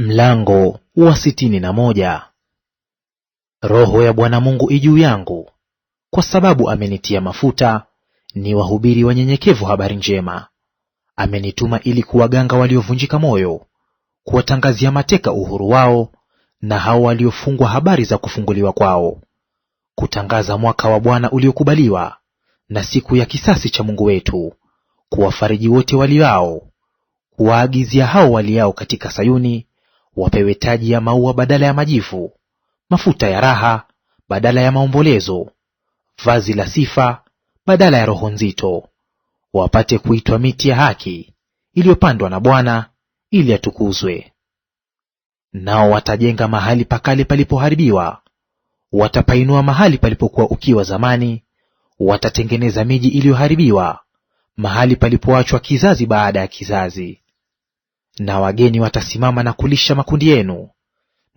Mlango wa sitini na moja. Roho ya Bwana Mungu ijuu yangu, kwa sababu amenitia mafuta ni wahubiri wanyenyekevu habari njema. Amenituma ili kuwaganga waliovunjika moyo, kuwatangazia mateka uhuru wao, na hao waliofungwa habari za kufunguliwa kwao, kutangaza mwaka wa Bwana uliokubaliwa na siku ya kisasi cha Mungu wetu, kuwafariji wote waliao, kuwaagizia hao waliao katika Sayuni wapewe taji ya maua badala ya majivu, mafuta ya raha badala ya maombolezo, vazi la sifa badala ya roho nzito, wapate kuitwa miti ya haki iliyopandwa na Bwana ili atukuzwe. Nao watajenga mahali pakale palipoharibiwa, watapainua mahali palipokuwa ukiwa zamani, watatengeneza miji iliyoharibiwa, mahali palipoachwa kizazi baada ya kizazi. Na wageni watasimama na kulisha makundi yenu,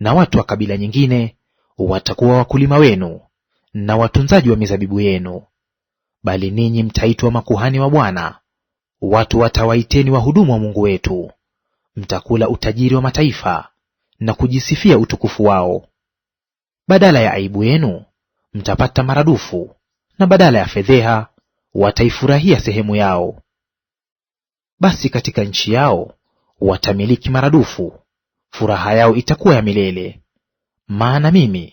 na watu wa kabila nyingine watakuwa wakulima wenu na watunzaji wa mizabibu yenu. Bali ninyi mtaitwa makuhani wa Bwana, watu watawaiteni wahudumu wa Mungu wetu. Mtakula utajiri wa mataifa na kujisifia utukufu wao. Badala ya aibu yenu mtapata maradufu, na badala ya fedheha wataifurahia sehemu yao. Basi katika nchi yao watamiliki maradufu, furaha yao itakuwa ya milele. Maana mimi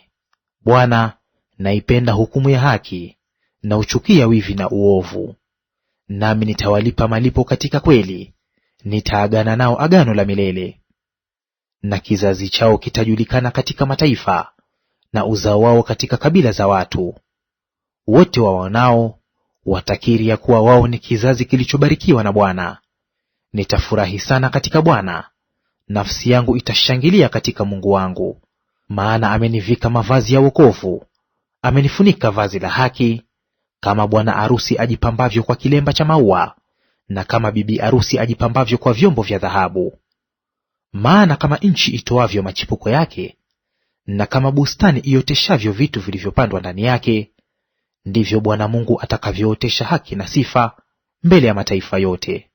Bwana naipenda hukumu ya haki, na uchukia wivi na uovu. Nami nitawalipa malipo katika kweli, nitaagana nao agano la milele. Na kizazi chao kitajulikana katika mataifa, na uzao wao katika kabila za watu. Wote wawaonao watakiri ya kuwa wao ni kizazi kilichobarikiwa na Bwana. Nitafurahi sana katika Bwana, nafsi yangu itashangilia katika Mungu wangu. Maana amenivika mavazi ya wokovu, amenifunika vazi la haki, kama bwana arusi ajipambavyo kwa kilemba cha maua, na kama bibi arusi ajipambavyo kwa vyombo vya dhahabu. Maana kama nchi itoavyo machipuko yake, na kama bustani ioteshavyo vitu vilivyopandwa ndani yake, ndivyo Bwana Mungu atakavyootesha haki na sifa mbele ya mataifa yote.